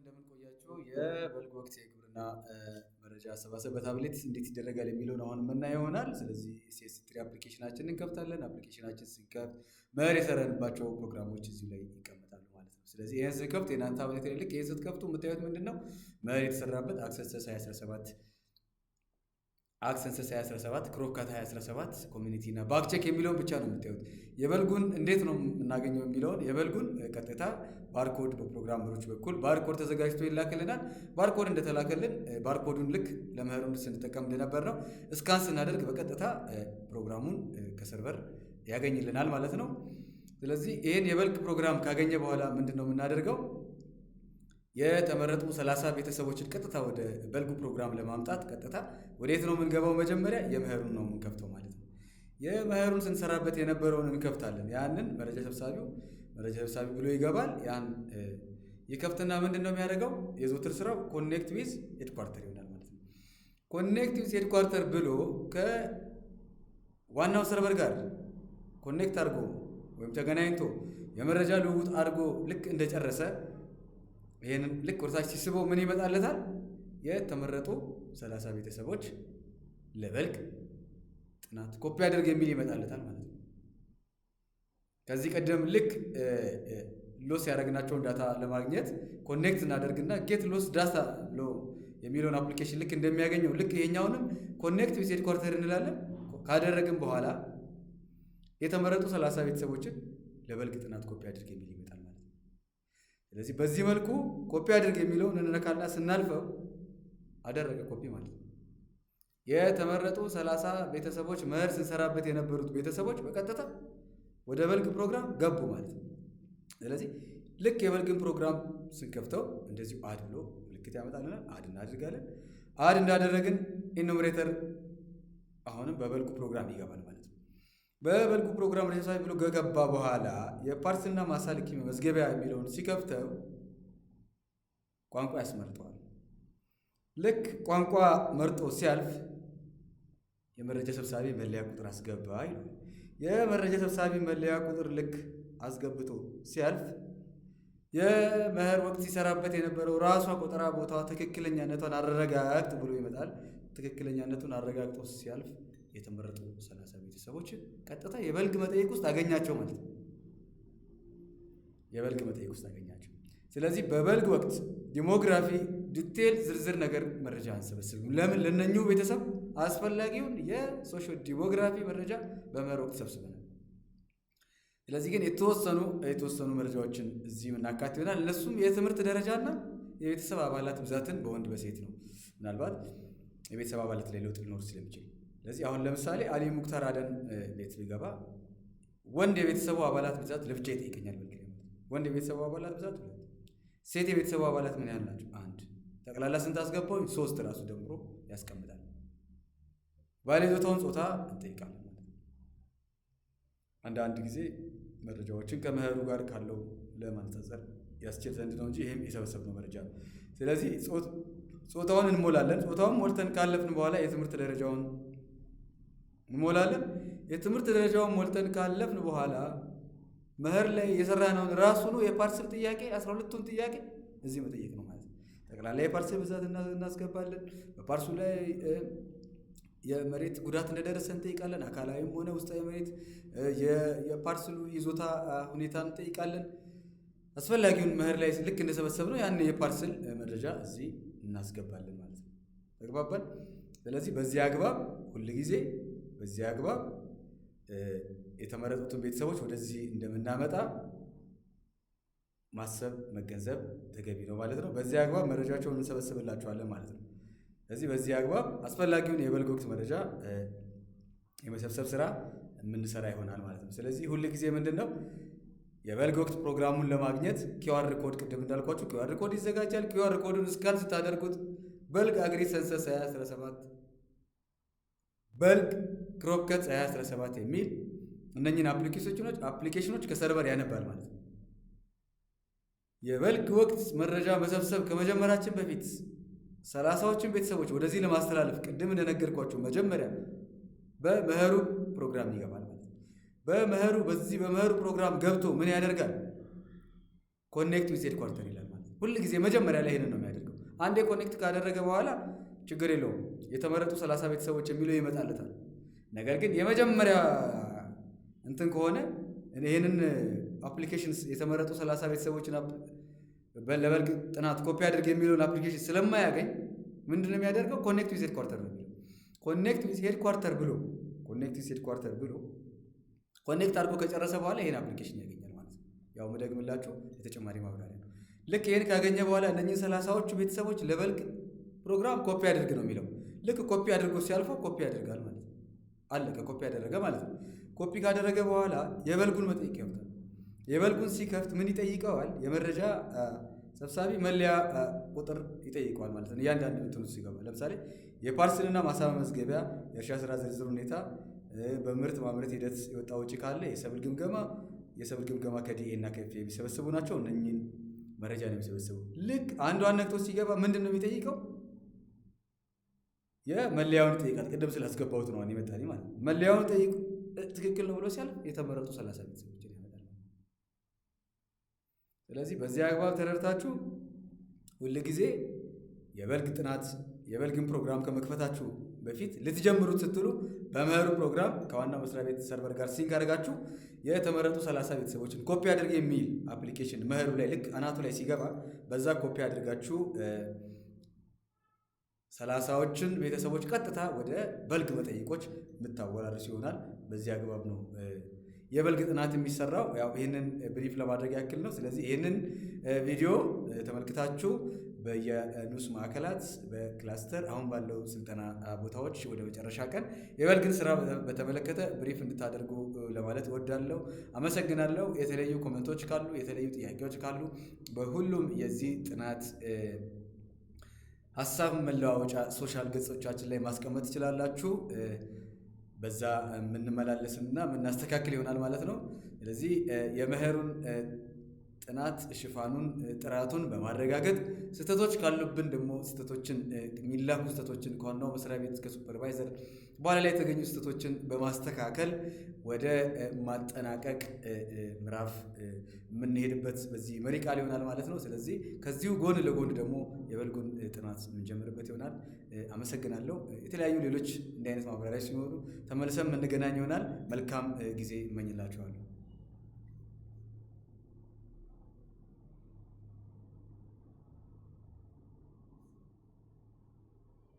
እንደምን ቆያችሁ። የበልግ ወቅት የግብርና መረጃ አሰባሰብ በታብሌት እንዴት ይደረጋል የሚለውን አሁን የምናየው ይሆናል። ስለዚህ ሴስ ትሪ አፕሊኬሽናችን እንከፍታለን። አፕሊኬሽናችን ስንከፍት መር የሰረንባቸው ፕሮግራሞች እዚሁ ላይ ይቀመጣሉ ማለት ነው። ስለዚህ ይህን ስንከፍት የናንተ ታብሌት ላይ ልክ ይህን ስትከፍቱ የምታዩት ምንድን ነው መር የተሰራበት አክሰስ 2017 አክሰንሰስ 2017 ክሮካት 2017 ኮሚኒቲ እና ባክቼክ የሚለውን ብቻ ነው የምታዩት። የበልጉን እንዴት ነው የምናገኘው የሚለውን የበልጉን ቀጥታ ባርኮድ በፕሮግራመሮች በኩል ባርኮድ ተዘጋጅቶ ይላክልናል። ባርኮድ እንደተላከልን ባርኮዱን ልክ ለምህሩን ስንጠቀም እንደነበር ነው እስካን ስናደርግ በቀጥታ ፕሮግራሙን ከሰርቨር ያገኝልናል ማለት ነው። ስለዚህ ይህን የበልግ ፕሮግራም ካገኘ በኋላ ምንድን ነው የምናደርገው? የተመረጡ ሰላሳ ቤተሰቦችን ቀጥታ ወደ በልጉ ፕሮግራም ለማምጣት ቀጥታ ወዴት ነው የምንገባው? መጀመሪያ የምህሩን ነው የምንከፍተው ማለት ነው። የምህሩን ስንሰራበት የነበረውን እንከፍታለን። ያንን መረጃ ሰብሳቢው መረጃ ሰብሳቢ ብሎ ይገባል። ያን ይከፍትና ምንድን ነው የሚያደርገው? የዘውትር ስራው ኮኔክት ዊዝ ሄድኳርተር ይሆናል ማለት ነው። ኮኔክት ዊዝ ሄድኳርተር ብሎ ከዋናው ሰርቨር ጋር ኮኔክት አድርጎ ወይም ተገናኝቶ የመረጃ ልውውጥ አድርጎ ልክ እንደጨረሰ ይህንን ልክ ወርታች ሲስበው ምን ይመጣለታል? የተመረጡ ሰላሳ ቤተሰቦች ለበልግ ጥናት ኮፒ አድርግ የሚል ይመጣለታል ማለት ነው። ከዚህ ቀደም ልክ ሎስ ያደረግናቸውን ዳታ ለማግኘት ኮኔክት እናደርግና ጌት ሎስ ዳታ ብሎ የሚለውን አፕሊኬሽን ልክ እንደሚያገኘው ልክ ይሄኛውንም ኮኔክት ዊዝ ሄድኳርተር እንላለን። ካደረግን በኋላ የተመረጡ ሰላሳ ቤተሰቦችን ለበልግ ጥናት ኮፒ አድርግ የሚል ስለዚህ በዚህ መልኩ ኮፒ አድርግ የሚለው እንነካና ስናልፈው አደረገ ኮፒ ማለት ነው። የተመረጡ ሰላሳ ቤተሰቦች መኸር ስንሰራበት የነበሩት ቤተሰቦች በቀጥታ ወደ በልግ ፕሮግራም ገቡ ማለት ነው። ስለዚህ ልክ የበልግን ፕሮግራም ስንከፍተው እንደዚሁ አድ ብሎ ምልክት ያመጣልናል። አድ እናድርጋለን። አድ እንዳደረግን ኢኑሜሬተር አሁንም በበልጉ ፕሮግራም ይገባል ማለት ነው። በበልጉ ፕሮግራም ሬሳይ ብሎ ከገባ በኋላ የፓርትና ማሳልኪ መዝገቢያ የሚለውን ሲከፍተው ቋንቋ ያስመርጠዋል። ልክ ቋንቋ መርጦ ሲያልፍ የመረጃ ሰብሳቢ መለያ ቁጥር አስገባ የመረጃ ሰብሳቢ መለያ ቁጥር ልክ አስገብቶ ሲያልፍ የመኸር ወቅት ሲሰራበት የነበረው ራሷ ቆጠራ ቦታ ትክክለኛነቷን አረጋግጥ ብሎ ይመጣል። ትክክለኛነቱን አረጋግጦ ሲያልፍ የተመረጡ ሰላሳ ቤተሰቦች ቀጥታ የበልግ መጠይቅ ውስጥ አገኛቸው ማለት ነው። የበልግ መጠይቅ ውስጥ አገኛቸው። ስለዚህ በበልግ ወቅት ዲሞግራፊ ዲቴል ዝርዝር ነገር መረጃ አንሰበስብም። ለምን? ለነኙ ቤተሰብ አስፈላጊውን የሶሽ ዲሞግራፊ መረጃ በመኸር ወቅት ሰብስበናል። ስለዚህ ግን የተወሰኑ የተወሰኑ መረጃዎችን እዚህ እናካት ይሆናል። እነሱም የትምህርት ደረጃና የቤተሰብ አባላት ብዛትን በወንድ በሴት ነው። ምናልባት የቤተሰብ አባላት ላይ ለውጥ ሊኖር ስለሚችል ስለዚህ አሁን ለምሳሌ አሊ ሙክታር አደን ቤት ልገባ ወንድ የቤተሰቡ አባላት ብዛት ለብቻ ይጠይቀኛል። ምክንያት ወንድ የቤተሰቡ አባላት ብዛት ሁለት፣ ሴት የቤተሰቡ አባላት ምን ያህል ናቸው? አንድ። ጠቅላላ ስንት አስገባው? ሶስት። ራሱ ደምሮ ያስቀምጣል። ባለይዞታውን ጾታ እንጠይቃለን። አንዳንድ ጊዜ መረጃዎችን ከመኸሩ ጋር ካለው ለማነጻጸር ያስችል ዘንድ ነው እንጂ ይህም የሰበሰብነው መረጃ ነው። ስለዚህ ጾታውን እንሞላለን። ፆታውን ሞልተን ካለፍን በኋላ የትምህርት ደረጃውን እንሞላለን። የትምህርት ደረጃውን ሞልተን ካለፍን በኋላ መኸር ላይ የሰራነውን ነው የፓርሰል ጥያቄ አስራ ሁለቱን ጥያቄ እዚህ መጠየቅ ነው ማለት ነው። ጠቅላላ የፓርሰል ብዛት እናስገባለን። በፓርሱ ላይ የመሬት ጉዳት እንደደረሰ እንጠይቃለን። አካላዊም ሆነ ውስጣዊ መሬት የፓርሰሉ ይዞታ ሁኔታ እንጠይቃለን። አስፈላጊውን መኸር ላይ ልክ እንደሰበሰብ ነው ያን የፓርስል መረጃ እዚህ እናስገባለን ማለት ነው። ተግባባል። ስለዚህ በዚህ አግባብ ሁልጊዜ በዚህ አግባብ የተመረጡትን ቤተሰቦች ወደዚህ እንደምናመጣ ማሰብ መገንዘብ ተገቢ ነው ማለት ነው። በዚህ አግባብ መረጃቸውን እንሰበስብላቸዋለን ማለት ነው። ስለዚህ በዚህ አግባብ አስፈላጊውን የበልግ ወቅት መረጃ የመሰብሰብ ስራ የምንሰራ ይሆናል ማለት ነው። ስለዚህ ሁል ጊዜ ምንድን ነው የበልግ ወቅት ፕሮግራሙን ለማግኘት ኪዋር ኮድ ቅድም እንዳልኳችሁ ኪዋር ኮድ ይዘጋጃል። ኪዋር ኮዱን ስካን ስታደርጉት በልግ አግሪ ሰንሰስ 2017 በልግ ክሮክ ገጽ 2017 የሚል እነኝን አፕሊኬሽኖች አፕሊኬሽኖች ከሰርቨር ያነባል ማለት ነው። የበልግ ወቅት መረጃ መሰብሰብ ከመጀመራችን በፊት ሰላሳዎችን ቤተሰቦች ወደዚህ ለማስተላለፍ ቅድም እንደነገርኳቸው መጀመሪያ በመኸሩ ፕሮግራም ይገባል ማለት ነው። በመኸሩ በዚህ በመኸሩ ፕሮግራም ገብቶ ምን ያደርጋል? ኮኔክት ዊዝ ሄድኳርተር ይላል ማለት ነው። ሁል ጊዜ መጀመሪያ ላይ ይሄንን ነው የሚያደርገው። አንዴ ኮኔክት ካደረገ በኋላ ችግር የለውም የተመረጡ ሰላሳ ቤተሰቦች የሚለው ይመጣለታል። ነገር ግን የመጀመሪያ እንትን ከሆነ ይህንን አፕሊኬሽን የተመረጡ ሰላሳ ቤተሰቦችን ለበልግ ጥናት ኮፒ አድርግ የሚለውን አፕሊኬሽን ስለማያገኝ ምንድን ነው የሚያደርገው? ኮኔክት ዊዝ ሄድኳርተር ነው። ኮኔክት ዊዝ ሄድኳርተር ብሎ ኮኔክት ዊዝ ሄድኳርተር ብሎ ኮኔክት አድርጎ ከጨረሰ በኋላ ይህን አፕሊኬሽን ያገኛል ማለት ነው። ያው መደግምላችሁ የተጨማሪ ማብራሪያ ነው። ልክ ይህን ካገኘ በኋላ እነኚህ ሰላሳዎቹ ቤተሰቦች ለበልግ ፕሮግራም ኮፒ አድርግ ነው የሚለው። ልክ ኮፒ አድርጎ ሲያልፈው ኮፒ ያደርጋል አለቀ። ኮፒ ያደረገ ማለት ነው። ኮፒ ካደረገ በኋላ የበልጉን መጠይቅ ይከፍታል። የበልጉን ሲከፍት ምን ይጠይቀዋል? የመረጃ ሰብሳቢ መለያ ቁጥር ይጠይቀዋል ማለት ነው። እያንዳንዱ እንትን ሲገባ ለምሳሌ የፓርስልና ማሳ መዝገቢያ የእርሻ ስራ ዝርዝር ሁኔታ፣ በምርት ማምረት ሂደት የወጣ ውጪ ካለ የሰብል ግምገማ፣ የሰብል ግምገማ ከዲኤ እና ከፍ የሚሰበስቡ ናቸው። እነኚህን መረጃ ነው የሚሰበስቡ። ልክ አንዷን ነክቶ ሲገባ ምንድን ነው የሚጠይቀው የመለያውን ይጠይቃል። ቅድም ስላስገባሁት ነው የመጣ ማለት ነው። መለያውን ጠይቁ ትክክል ነው ብሎ ሲያል የተመረጡ ሰላሳ ቤተሰቦችን ያመጣል። ስለዚህ በዚህ አግባብ ተረድታችሁ ሁል ጊዜ የበልግ ጥናት የበልግን ፕሮግራም ከመክፈታችሁ በፊት ልትጀምሩት ስትሉ በመኸሩ ፕሮግራም ከዋና መስሪያ ቤት ሰርቨር ጋር ሲንክ አድርጋችሁ የተመረጡ ሰላሳ ቤተሰቦችን ኮፒ አድርግ የሚል አፕሊኬሽን መኸሩ ላይ ልክ አናቱ ላይ ሲገባ በዛ ኮፒ አድርጋችሁ ሰላሳዎችን ቤተሰቦች ቀጥታ ወደ በልግ መጠይቆች የምታወራርስ ይሆናል። በዚህ አግባብ ነው የበልግ ጥናት የሚሰራው። ያው ይህንን ብሪፍ ለማድረግ ያክል ነው። ስለዚህ ይህንን ቪዲዮ ተመልክታችሁ በየኑስ ማዕከላት በክላስተር አሁን ባለው ስልጠና ቦታዎች ወደ መጨረሻ ቀን የበልግን ስራ በተመለከተ ብሪፍ እንድታደርጉ ለማለት እወዳለሁ። አመሰግናለሁ። የተለዩ ኮመንቶች ካሉ፣ የተለዩ ጥያቄዎች ካሉ በሁሉም የዚህ ጥናት ሀሳብ መለዋወጫ ሶሻል ገጾቻችን ላይ ማስቀመጥ ትችላላችሁ። በዛ የምንመላለስና የምናስተካክል ይሆናል ማለት ነው። ስለዚህ የመኸሩን ጥናት ሽፋኑን ጥራቱን በማረጋገጥ ስህተቶች ካሉብን ደግሞ ስህተቶችን የሚላኩ ስህተቶችን ከዋናው መስሪያ ቤት ከሱፐርቫይዘር በኋላ ላይ የተገኙ ስህተቶችን በማስተካከል ወደ ማጠናቀቅ ምዕራፍ የምንሄድበት በዚህ መሪ ቃል ይሆናል ማለት ነው። ስለዚህ ከዚሁ ጎን ለጎን ደግሞ የበልጉን ጥናት የምንጀምርበት ይሆናል። አመሰግናለሁ። የተለያዩ ሌሎች እንዲህ አይነት ማብራሪያ ሲኖሩ ተመልሰን የምንገናኝ ይሆናል። መልካም ጊዜ እመኝላችኋለሁ።